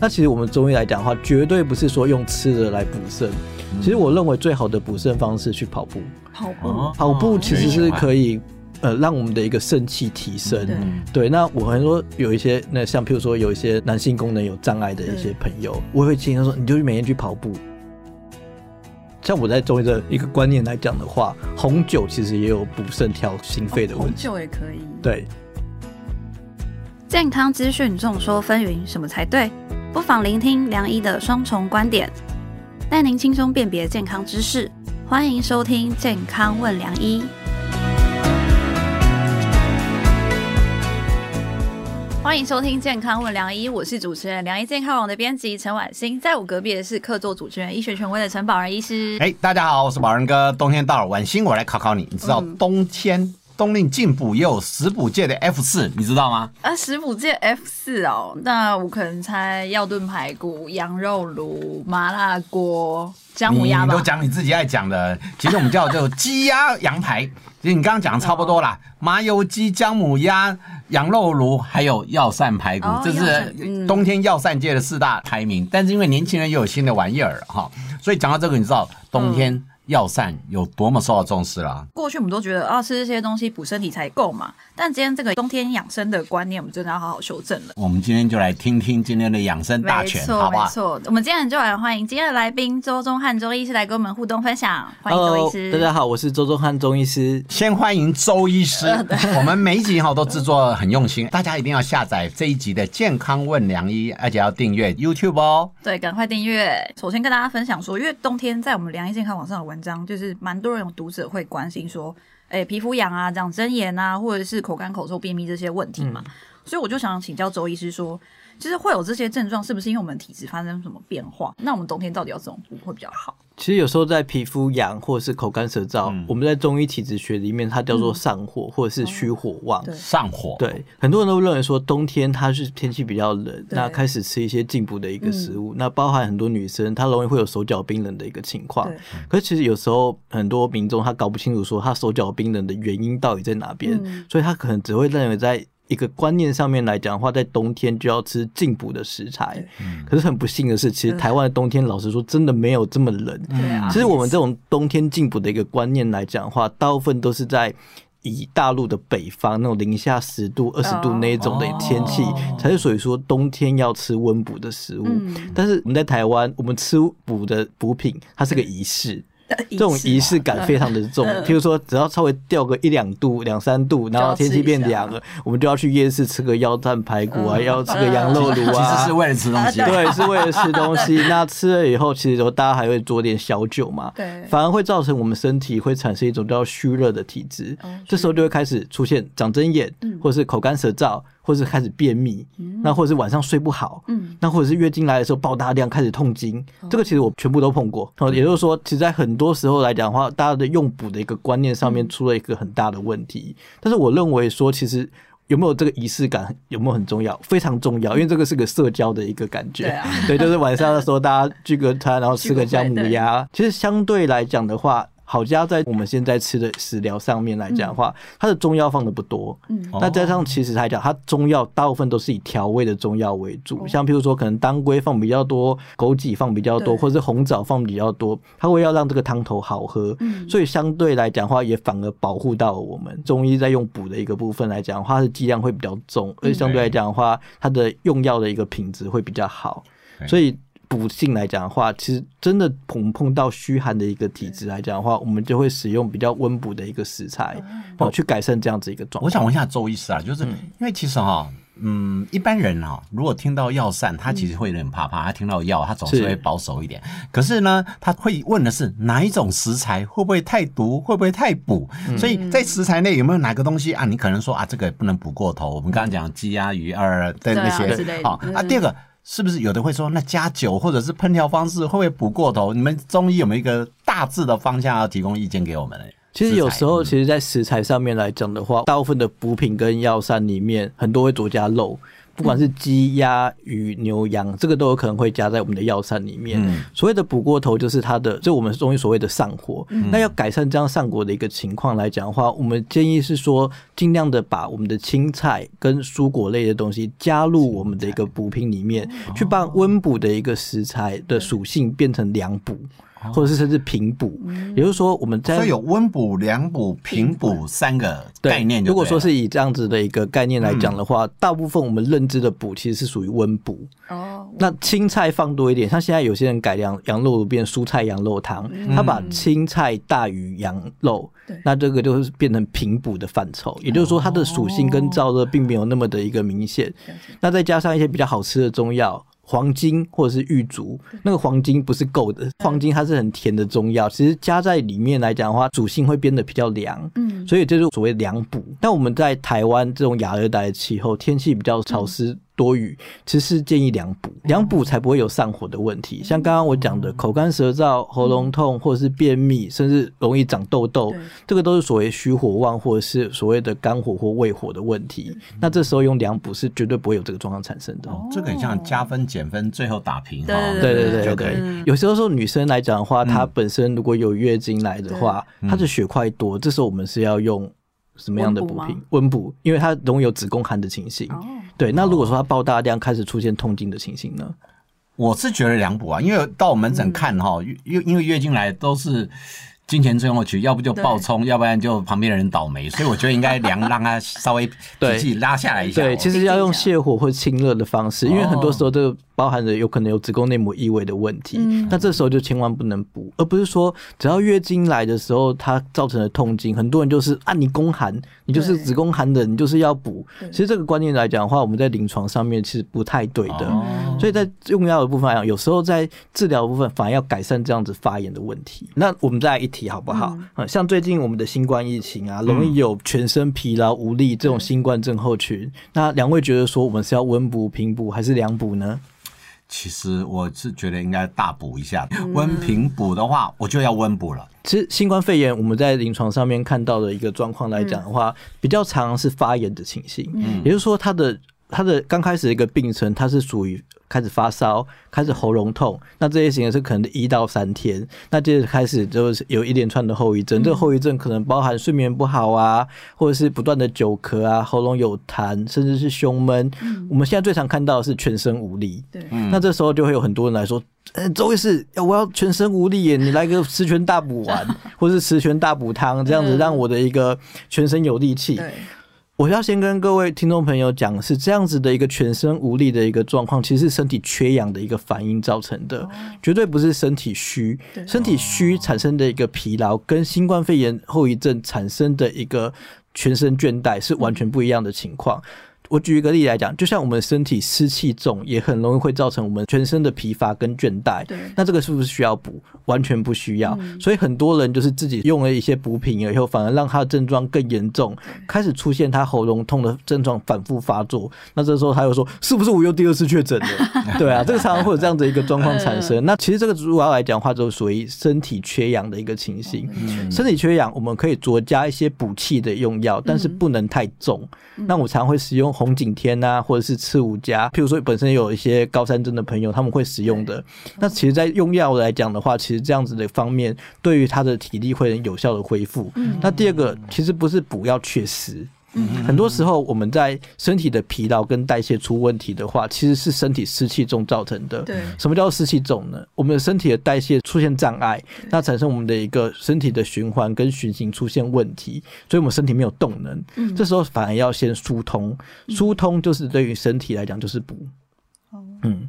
那其實我們中醫來講的話，絕對不是說用吃的來補腎。嗯、其實我認為最好的補腎方式是去跑步，跑步、哦、跑步其實是可以、嗯、呃讓我們的一個腎氣提升。對,對，那我很多有一些那像譬如說有一些男性功能有障礙的一些朋友，對我會經常說你就去每天去跑步。像我在中醫的一個觀念來講的話，紅酒其實也有補腎調心肺的問題、哦。紅酒也可以。對。健康資訊眾說紛紜什麼才對？不妨聆聽良醫的雙重觀點，帶您輕鬆辨別健康知識。歡迎收聽《健康問良醫》，歡迎收聽《健康問良醫》，我是主持人良醫健康網的編輯陳宛欣，在我隔壁的是客座主持人醫學權威的陳保仁醫師。哎、欸，大家好，我是保仁哥。冬天到了，宛欣，我來考考你，你知道冬天？嗯冬令進補也有食補界的 F 四，你知道嗎？啊，食補界 F 四哦，那我可能猜藥燉排骨、羊肉爐、麻辣鍋、薑母鴨吧。你，你都講你自己愛講的， 其實我們叫做雞鴨羊排， 其實你剛剛講的差不多啦。哦、麻油雞、薑母鴨、羊肉爐，還有藥膳排骨，哦、這是冬天藥膳界的四大排名。嗯、但是因為年輕人又有新的玩意兒哈，所以講到這個，你知道冬天，嗯藥膳有多麼受到重視啦？過去我們都覺得啊，吃這些東西補身體才夠嘛。但今天這個冬天養生的觀念，我們真的要好好修正了。我們今天就來聽聽今天的養生大全。沒錯好不吧好？我們今天很就來歡迎今天的來賓周宗翰中醫師來跟我們互動分享。Hello, 歡迎周醫師。大家好，我是周宗翰中醫師。先歡迎周醫師。 對 我們每一集哈都制作很用心， 大家一定要下載這一集的《健康問良醫》，而且要訂閱 YouTube 哦。對，趕快訂閱。首先跟大家分享說，因為冬天在我們良醫健康網上的文。就是蠻多人有讀者會關心說，哎、欸，皮膚癢啊，長針眼啊，或者是口乾口臭、便秘這些問題嘛，嗯、所以我就想請教周醫師說，其實會有這些症狀，是不是因為我們體質發生什麼變化？那我們冬天到底要怎麼補會比較好？其實有時候在皮膚癢或者是口乾舌燥，嗯、我們在中醫體質學裡面它叫做上火或者是虛火旺。嗯哦、上火，對，很多人都認為說冬天它是天氣比較冷，對那開始吃一些進補的一個食物，嗯、那包含很多女生她容易會有手腳冰冷的一個情況。對可是其實有時候很多民眾他搞不清楚說他手腳冰冷的原因到底在哪邊，嗯、所以他可能只會認為在。一個觀念上面來講的話，在冬天就要吃進補的食材。嗯、可是很不幸的是，其實台灣的冬天，老實說，真的沒有這麼冷。啊、其實我們這種冬天進補的一個觀念來講的話，大部分都是在以大陸的北方那種零下十度、二十度那種的一天氣，哦、才是屬於說冬天要吃溫補的食物。嗯、但是我們在台灣，我們吃補的補品，它是個儀式。這種儀式感非常的重，譬如說，只要稍微掉個一兩度、兩三度，然後天氣變涼了，我們就要去夜市吃個藥膳排骨啊，要吃個羊肉爐啊。其實是為了吃東西， 對，是為了吃東西。那吃了以後，其實大家還會酌點小酒嘛。對。反而會造成我們身體會產生一種叫虛熱的體質，這時候就會開始出現長針眼，或者是口乾舌燥，或者是開始便秘，那或者是晚上睡不好，那或者是月經來的時候爆大量，開始痛經。這個其實我全部都碰過。哦，也就是說，其實在很。很多時候來講的話，大家的用補的一個觀念上面出了一個很大的問題。嗯、但是我認為說，其實有沒有這個儀式感，有沒有很重要，非常重要，因為這個是個社交的一個感覺。對，啊、 對，就是晚上的時候，大家聚個餐，然後吃個薑母鴨。其實相對來講的話。好家在，我們現在吃的食療上面來講的話，嗯、它的中藥放的不多，嗯，那加上其實來講，它中藥大部分都是以調味的中藥為主，哦、像譬如說可能當歸放比較多，枸杞放比較多，對或是紅棗放比較多，它會要讓這個湯頭好喝，嗯，所以相對來講的話，也反而保護到了我們中醫在用補的一個部分來講，它的劑量會比較重，嗯、而且相對來講的話，它的用藥的一個品質會比較好，對所以。補性來講的話，其實真的碰碰到虛寒的一個體質來講的話，我們就會使用比較溫補的一個食材哦，呃嗯、去改善這樣子一個狀態。我想問一下周醫師啊，就是因為其實哈、哦，嗯，一般人哈、哦，如果聽到藥膳，他其實會有點怕怕，他聽到藥，他總是會保守一點。是可是呢，他會問的是哪一種食材會不會太毒，會不會太補？嗯、所以在食材內有沒有哪個東西啊？你可能說啊，這個不能補過頭。嗯、我們剛剛講雞鴨魚啊，對那些對啊、哦、啊，第二個。是不是有的會說，那加酒或者是烹調方式會不會補過頭？你們中醫有沒有一個大致的方向要提供意見給我們？其實有時候，其實在食材上面來講的話，大部分的補品跟藥膳裡面，很多會多加肉。不管是雞、鴨、魚、牛、羊，這個都有可能會加在我們的藥膳裡面。所謂的補過頭，就是它的，這我們中醫所謂的上火。那要改善這樣上火的一個情況來講的話，我們建議是說，儘量的把我們的青菜跟蔬果類的東西加入我們的一個補品裡面，去把溫補的一個食材的屬性變成涼補。或者是甚至平補，嗯、也就是說，我們在所以有溫補、涼補、平補三個概念。對。對，如果說是以這樣子的一個概念來講的話，嗯、大部分我們認知的補其實是屬於溫補。哦、嗯，那青菜放多一點，像現在有些人改良羊肉，變蔬菜羊肉湯，嗯、他把青菜大於羊肉，對那這個就是變成平補的範疇。也就是說，它的屬性跟燥熱並沒有那麼的一個明顯。哦、那再加上一些比較好吃的中藥。黃精、或者是玉竹，那個黃精不是夠的，黃精它是很甜的中藥，其實加在裡面來講的話，主性會變得比較涼，嗯，所以就是所謂涼補。那我們在台灣這種亞熱帶的氣候，天氣比較潮濕。嗯多餘，其實是建議涼補，涼補才不會有上火的問題。像剛剛我講的，口乾舌燥、喉嚨痛，或者是便秘，甚至容易長痘痘，嗯、這個都是所謂虛火旺，或者是所謂的肝火或胃火的問題。嗯、那這時候用涼補是絕對不會有這個狀況產生的。哦、這個很像加分減分，最後打平哈，哦、對，對，對對對，就可以。有時候說女生來講的話，嗯、她本身如果有月經來的話，對她的血塊多，這時候我們是要用什麼樣的補品？溫補，因為它容易有子宮寒的情形。哦對，那如果說他爆大量開始出現痛經的情形呢？哦、我是覺得涼補啊，因為到我門診看哈、哦，嗯、因為月經來都是金錢追過去，要不就爆衝，對要不然就旁邊的人倒霉，所以我覺得應該涼，讓它稍微自己拉下來一下。對，其實要用瀉火或清熱的方式，因為很多時候都、哦。包含着有可能有子宮內膜異位的問題，嗯、那這時候就千萬不能補，而不是說只要月經來的時候它造成的痛經，很多人就是啊你宮寒，你就是子宮寒的人，對你就是要補。其實這個觀念來講的話，我們在臨床上面其實不太對的，哦、所以在用藥的部分啊，有時候在治療部分反而要改善這樣子發炎的問題。那我們再來一題好不好？嗯、像最近我們的新冠疫情啊，容易有全身疲勞無力這種新冠症候群，嗯、那兩位覺得說我們是要溫補、平補還是涼補呢？其實我是覺得應該大補一下，溫平補的話，我就要溫補了。嗯、其實新冠肺炎，我們在臨床上面看到的一個狀況來講的話，嗯、比較常是發炎的情形，嗯、也就是說它的。他的剛開始一個病程，他是屬於開始發燒、開始喉嚨痛，那這些情形是可能一到三天，那接着開始就是有一連串的後遺症，嗯、這後遺症可能包含睡眠不好啊，或者是不斷的久咳啊，喉嚨有痰，甚至是胸悶。嗯、我們現在最常看到的是全身無力。對，嗯、那這時候就會有很多人來說，欸、周醫師，我要全身無力耶，你來個十全大補丸， 或是十全大補湯，這樣子讓我的一個全身有力氣。嗯我要先跟各位聽眾朋友講，是這樣子的一個全身無力的一個狀況，其實是身體缺氧的一個反應造成的，絕對不是身體虛，身體虛產生的一個疲勞，跟新冠肺炎後遺症產生的一個全身倦怠，是完全不一樣的情況。我舉一個例子來講，就像我們身體濕氣重，也很容易會造成我們全身的疲乏跟倦怠。對。那這個是不是需要補？完全不需要。所以很多人就是自己用了一些補品以後，反而讓他的症狀更嚴重，開始出現他喉嚨痛的症狀反复發作。那這時候他又說：“是不是我又第二次確診了？” 對啊，這個常常會有這樣的一個狀況產生。 嗯，那其實這個如果要來講的話，話就屬於身體缺氧的一個情形。嗯。嗯，身體缺氧，我們可以酌加一些補氣的用藥，但是不能太重。嗯，那我常常會使用。紅景天啊，或者是刺五加，譬如說本身有一些高山症的朋友，他們會使用的。對那其實，在用藥來講的話，其實這樣子的方面，對於他的體力會很有效的恢復。嗯、那第二個，其實不是補藥，確實。嗯、很多時候，我們在身體的疲勞跟代謝出問題的話，其實是身體濕氣重造成的。對，什麼叫濕氣重呢？我們的身體的代謝出現障礙，那對產生我們的一個身體的循環跟循行出現問題，所以我們身體沒有動能。嗯、這時候反而要先疏通，嗯、疏通就是對於身體來講就是補。哦、嗯。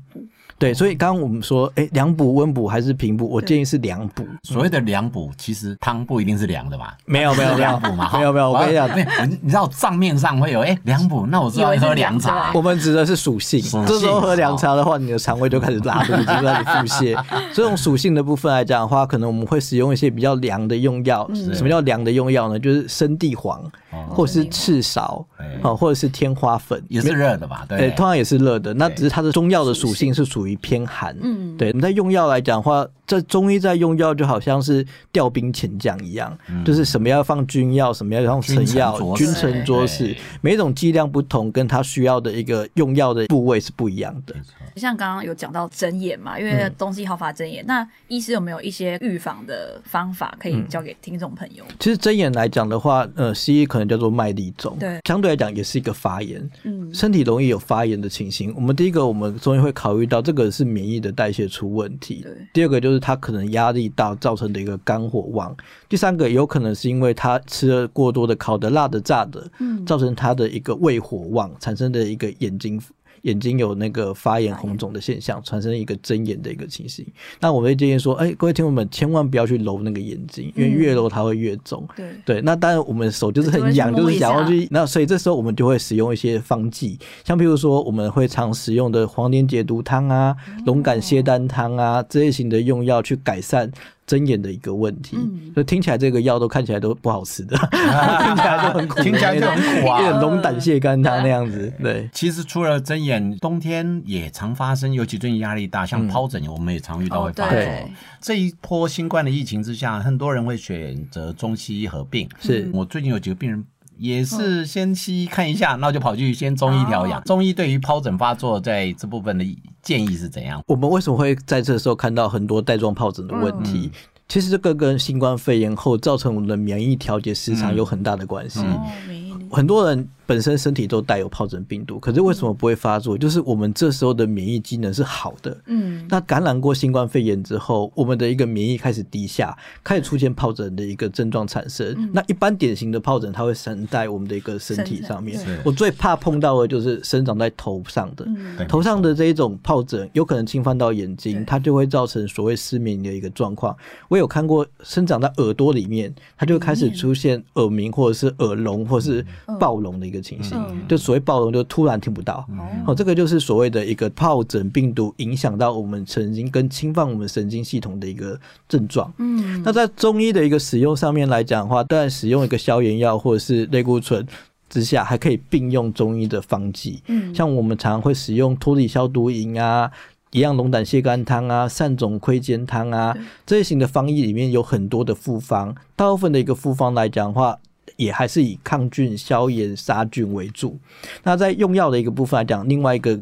對，所以剛剛我們說，哎，涼補、溫補還是平補？我建議是涼補。所謂的涼補，其實湯不一定是涼的吧？沒有，沒有，沒有涼補嘛？沒有，沒有。我跟你講，你知道賬面上會有哎涼補，那我知道喝涼茶。我們指的是屬性。這時候喝涼茶的話，你的腸胃就開始拉肚子，就開始腹瀉。這種屬性的部分來講的話，可能我們會使用一些比較涼的用藥。什麼叫涼的用藥呢？就是生地黃，或是赤芍。哦，或者是天花粉也是熱的吧？對，欸，通常也是熱的。那只是它的中藥的屬性是屬於偏寒。嗯，對。那用藥來講的話。在中醫在用藥就好像是調兵遣將一樣，嗯、就是什麼要放君藥，什麼要放臣藥，君臣佐使，每一種劑量不同，跟它需要的一個用藥的部位是不一樣的。像剛剛有講到針眼嘛，因為東西好發針眼，嗯、那醫師有沒有一些預防的方法可以教給聽眾朋友？嗯、其實針眼來講的話，呃，西醫可能叫做麥粒腫，對，相對來講也是一個發炎，嗯，身體容易有發炎的情形。我們第一個，我們中醫會考慮到這個是免疫的代謝出問題，對，第二個就是。他可能壓力大造成的一個肝火旺，第三個有可能是因為他吃了過多的烤的、辣的、炸的，嗯，造成他的一個胃火旺產生的一個眼睛。眼睛有那個發炎紅腫的現象，產生一個睜眼的一個情形。那我們會建議說，哎、欸，各位聽眾們千萬不要去揉那個眼睛，因為越揉它會越腫、嗯。對對，那當然我們手就是很癢，下就是癢，要去。那，所以這時候我們就會使用一些方劑，像譬如說我們會常使用的黃連解毒湯啊、龍膽瀉肝湯啊這類型的用藥去改善。針眼的一個問題，所以、嗯、聽起來這個藥都看起來都不好吃的，啊、 聽起來都很苦，聽起來就很苦啊，龍膽瀉肝湯那樣子。嗯、對，其實除了針眼，冬天也常發生，尤其最近壓力大，像疱疹，我們也常遇到會發作。嗯哦、這一波新冠的疫情之下，很多人會選擇中西醫合併。是。我最近有幾個病人。也是先西醫看一下，那、嗯、就跑去先中醫調養。中醫、啊、對於疱疹發作在這部分的建議是怎樣？我們為什麼會在這時候看到很多帶狀疱疹的問題？嗯、其實這個跟新冠肺炎後造成我們的免疫調節失常有很大的關係。嗯、很多人，本身身體都帶有皰疹病毒，可是為什麼不會發作？就是我們這時候的免疫機能是好的。嗯。那感染過新冠肺炎之後，我們的一個免疫開始低下，開始出現皰疹的一個症狀產生。那一般典型的皰疹，它會生在我們的一個身體上面。我最怕碰到的就是生長在頭上的，頭上的這一種皰疹有可能侵犯到眼睛，它就會造成所謂失明的一個狀況。我有看過生長在耳朵裡面，它就開始出現耳鳴或者是耳聾或者是暴聾的一個。情形，嗯、就所謂暴聾，就突然聽不到。嗯、哦，這個就是所謂的一個皰疹病毒影響到我們神經跟侵犯我們神經系統的一個症狀。嗯，那在中醫的一個使用上面來講的話，當然使用一個消炎藥或者是類固醇之下，還可以並用中醫的方劑。嗯，像我們常、常會使用托裡消毒飲啊，一樣龍膽瀉肝湯啊、散腫潰堅湯啊、嗯、這一型的方劑裡面有很多的複方，大部分的一個複方來講的話。也還是以抗菌、消炎、殺菌為主。那在用藥的一個部分來講，另外一個。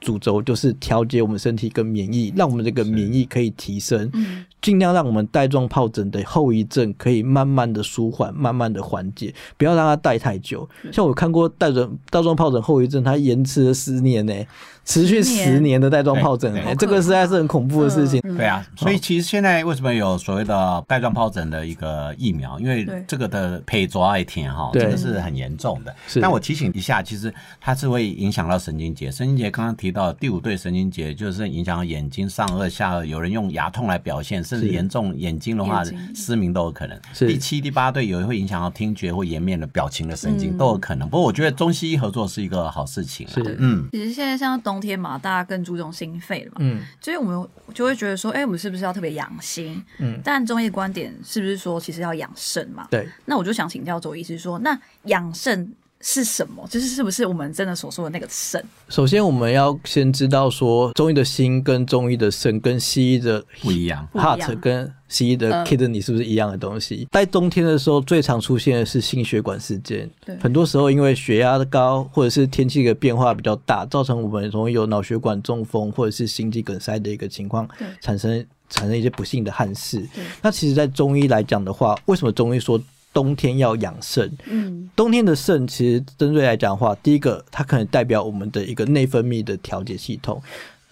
主軸就是調節我們身體跟免疫，讓我們這個免疫可以提升，盡、嗯、量讓我們帶狀皰疹的後遺症可以慢慢的舒緩，慢慢的緩解，不要讓它帶太久。像我看過帶狀帶狀皰疹後遺症，它延遲了十年呢、欸，持續十年的帶狀皰疹，這個實在是很恐怖的事情。嗯、對啊，所以其實現在為什麼有所謂的帶狀皰疹的一個疫苗？因為這個的配足阿一天哈，真的對是很嚴重的。嗯、是，但我提醒一下，其實它是會影響到神經節，神經節剛剛提。到第五對神經節，就是影響到眼睛上顎下顎，有人用牙痛來表現，是甚至嚴重眼睛的話睛失明都有可能。是第七、第八對，有人會影響到聽覺或顏面的表情的神經都有可能。嗯、不過我覺得中西醫合作是一個好事情。是的，嗯，其實現在像冬天嘛，大家更注重心肺了嘛，嗯，所以我們就會覺得說，哎、欸，我們是不是要特別養心？嗯，但中醫的觀點是不是說，其實要養腎嘛？對。那我就想請教周醫師說，那養腎？是什麼？就是是不是我們真的所說的那個腎？首先，我們要先知道說，中醫的心跟中醫的腎跟西醫的不一樣，heart 跟西醫的 kidney、呃、是不是一樣的東西？在冬天的時候，最常出現的是心血管事件。對，很多時候因為血壓的高，或者是天氣的變化比較大，造成我們容易有腦血管中風，或者是心肌梗塞的一個情況，產生產生一些不幸的憾事。對，那其實在中醫來講的話，為什麼中醫說，冬天要養腎，嗯，冬天的腎其實針對來講的話，第一個它可能代表我們的一個內分泌的調節系統。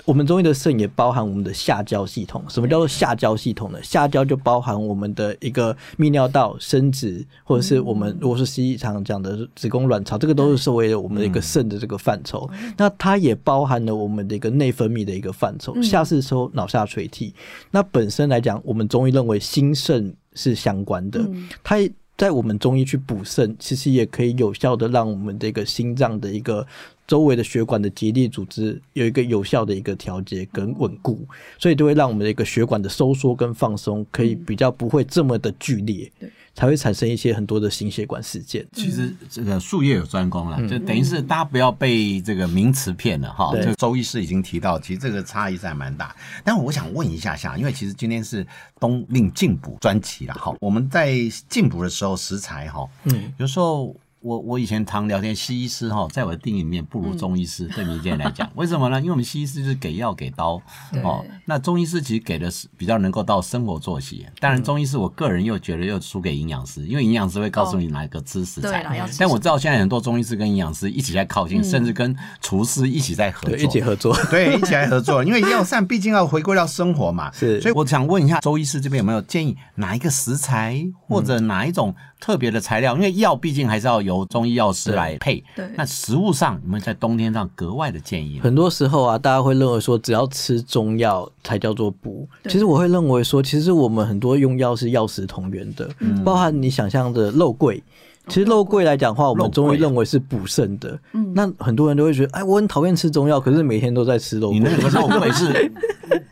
我們中醫的腎也包含我們的下焦系統。什麼叫做下焦系統呢？下焦就包含我們的一個泌尿道、生殖，或者是我們如果是西醫常常講的子宮、卵巢，這個都是屬於我們的一個腎的這個範疇。嗯、那它也包含了我們的一個內分泌的一個範疇。下是說腦下垂體。那本身來講，我們中醫認為心腎是相關的，嗯、它。在我們中醫去補腎，其實也可以有效的讓我們這個心臟的一個周圍的血管的結締組織有一個有效的一個調節跟穩固，所以就會讓我們的一個血管的收縮跟放鬆可以比較不會這麼的劇烈，嗯、才會產生一些很多的心血管事件。嗯、其實這個術業有專攻了，嗯、就等於是大家不要被這個名詞騙了哈。就、嗯、對周醫師已經提到，其實這個差異是還蠻大。但我想問一下下，因為其實今天是冬令進補專輯了，哈，我們在進補的時候食材哈，嗯，有時候。我我以前常聊天，西醫師哈，在我的定義裡面不如中醫師，對民間來講，為什麼呢？因為我們西醫師就是給藥給刀，哦，那中醫師其實給的是比較能夠到生活作息。當然，中醫師我個人又覺得又輸給營養師，因為營養師會告訴你哪一個食材，但我知道現在很多中醫師跟營養師一起在靠近，甚至跟廚師一起在合作，一起合作，對，一起來合作，因為藥膳畢竟要回歸到生活嘛，是。所以我想問一下周醫師這邊有沒有建議哪一個食材或者哪一種？特別的材料，因為藥畢竟還是要由中醫藥師來配。對，對那食物上，你們在冬天上格外的建議。很多時候啊，大家會認為說，只要吃中藥才叫做補。對其實我會認為說，其實我們很多用藥是藥食同源的，嗯、包含你想象的肉桂。其實肉桂來講的話，我們中醫認為是補腎的。粿那很多人都會覺得，哎，我很討厭吃中藥，可是每天都在吃肉桂。你為什麼肉桂沒事？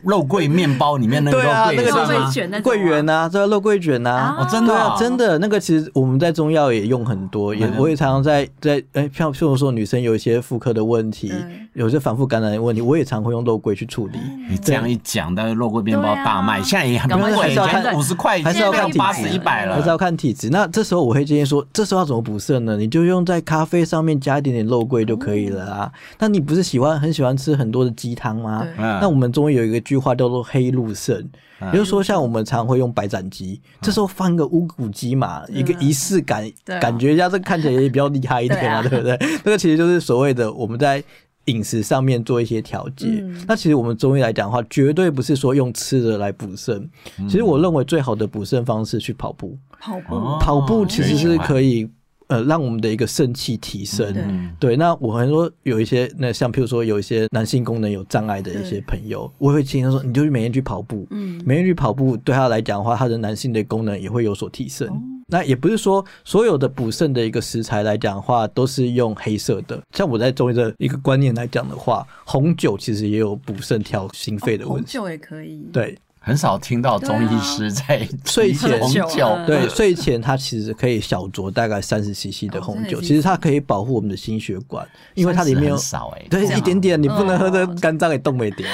肉桂麵包裡面那個，對啊，那個是桂圓吶，這個肉桂卷吶，真的真的那個，其實我們在中藥也用很多，也我也常常在在哎，譬如說女生有一些婦科的問題，有些反覆感染的問題，我也常會用肉桂去處理。你這樣一講，但是肉桂麵包大賣，現在也很貴，還是要看五十塊，還是要看八十一百了，還是要看體質。那這時候我會建議說，這時候要怎麼補腎呢？你就用在咖啡上面加一點點肉桂就可以了啊。但你不是喜歡很喜歡吃很多的雞湯嗎？那我們中醫有一個劇句話叫做黑“黑入腎”，也就是說，像我們常，常會用白斬雞，嗯、這時候放個烏骨雞嘛，嗯、一個儀式感，啊、感覺一下這看起來也比較厲害一點啊， 對，啊對不對？這、那個其實就是所謂的我們在飲食上面做一些調節。嗯、那其實我們中醫來講的話，絕對不是說用吃的來補腎。嗯、其實我認為最好的補腎方式去跑步，跑步，哦、跑步其實是可以。呃，讓我們的一個腎氣提升，嗯、對，對。那我很多有一些，那像譬如說有一些男性功能有障礙的一些朋友，對我會經常說，你就每天去跑步，嗯，每天去跑步對他來講的話，他的男性的功能也會有所提升。哦、那也不是說所有的補腎的一個食材來講的話，都是用黑色的。像我在中醫的一個觀念來講的話，紅酒其實也有補腎、調心肺的問題，哦、紅酒也可以。對。很少聽到中醫師在紅酒、啊、睡前紅酒， 對，睡前他其實可以小酌大概三十 CC 的紅酒， 其實它可以保護我們的心血管，因為它裡面有，欸、對，樣一點點你不能喝的，肝臟也動一點。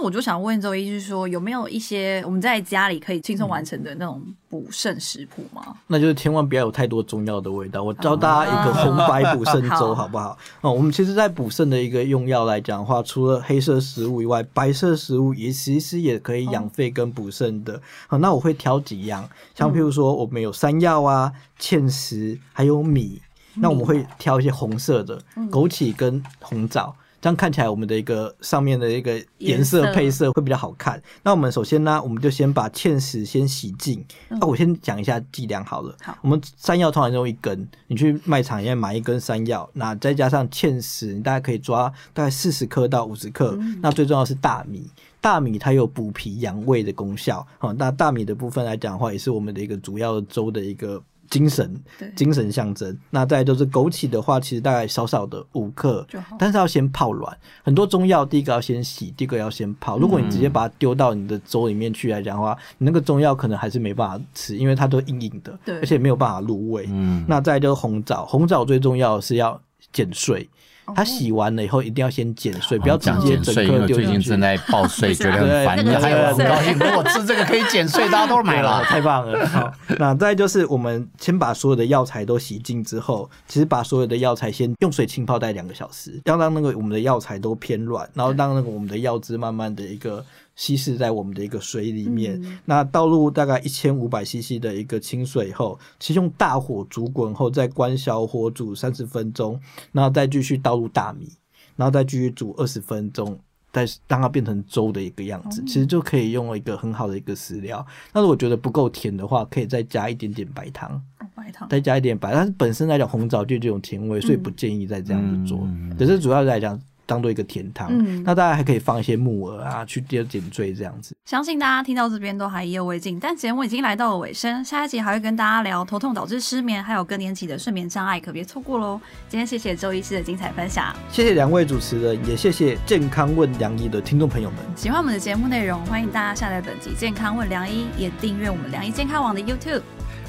那我就想問周醫師，就是說有沒有一些我們在家裡可以輕鬆完成的那種補腎食譜嗎、嗯？那就是千萬不要有太多中藥的味道。我教大家一個紅白補腎粥，好不好？哦、嗯嗯嗯，我們其實，在補腎的一個用藥來講的話，除了黑色食物以外，白色食物也其實也可以養肺跟補腎的。嗯、好，那我會挑幾樣，像譬如說我們有山藥啊、芡實，還有米。那我們會挑一些紅色的、啊嗯、枸杞跟紅棗。這樣看起來，我們的一個上面的一個顏色配色會比較好看。顏色。那我們首先呢、啊，我們就先把芡實先洗淨。那、嗯啊、我先講一下劑量好了。好，我們山藥通常用一根，你去賣場裡面買一根山藥，那再加上芡實，你大概可以抓大概四十克到五十克。嗯、那最重要的是大米，大米它有補脾養胃的功效。好、嗯，那大米的部分來講的話，也是我們的一個主要粥的一個。精神，精神象徵。對那再就是枸杞的話，其實大概少少的五克，好但是要先泡軟。很多中藥，第一個要先洗，第二個要先泡。如果你直接把它丟到你的粥裡面去來講的話，嗯、你那個中藥可能還是沒辦法吃，因為它都硬硬的，對而且沒有辦法入味。嗯，那再就是紅棗，紅棗最重要的是要剪碎。它洗完了以後，一定要先剪碎，哦、不要直接整個丟進去。講剪碎，因為最近正在報稅覺得很煩， 對還有很高興， 如果吃這個可以減稅，大家都買了，了太棒了。 好，那再就是我們先把所有的藥材都洗淨之後，其實把所有的藥材先用水浸泡在兩個小時，要讓那個我們的藥材都偏軟，然後讓那個我們的藥汁慢慢的一個。稀釋在我們的一個水裡面，嗯、那倒入大概一千五百 CC 的一個清水以後，其實用大火煮滾後，再關小火煮三十分鐘，然後再繼續倒入大米，然後再繼續煮二十分鐘，再讓它變成粥的一個樣子，嗯、其實就可以用了一個很好的一個食療。那如果覺得不夠甜的話，可以再加一點點白糖，哦、白糖，再加一點白糖。但是本身來講，紅棗就這種甜味，嗯、所以不建議再這樣子做。嗯、可是主要是來講。當做一個甜湯，嗯、那大家還可以放一些木耳啊，去做點綴這樣子。相信大家聽到這邊都還意猶未盡，但節目已經來到了尾聲，下一集還會跟大家聊頭痛導致失眠，還有更年期的睡眠障礙，可別錯過嘍！今天謝謝周醫師的精彩分享，謝謝兩位主持人，也謝謝健康問良醫的聽眾朋友們。喜歡我們的節目內容，歡迎大家下載本集健康問良醫，也訂閱我們良醫健康網的 YouTube。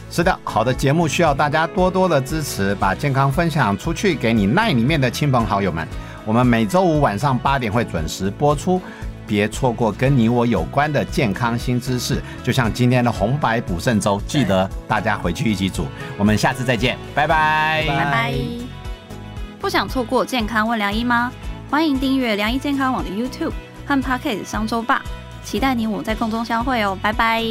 是的，好的節目需要大家多多的支持，把健康分享出去，給你 Line 裡面的親朋好友們。我們每週五晚上八點會準時播出，別錯過跟你我有關的健康新知識。就像今天的紅白補腎粥，記得大家回去一起煮。我們下次再見，拜拜拜拜！不想錯過健康問良醫嗎？歡迎訂閱良醫健康網的 YouTube 和 Pocket 商周吧。期待你我在空中相會哦，拜拜。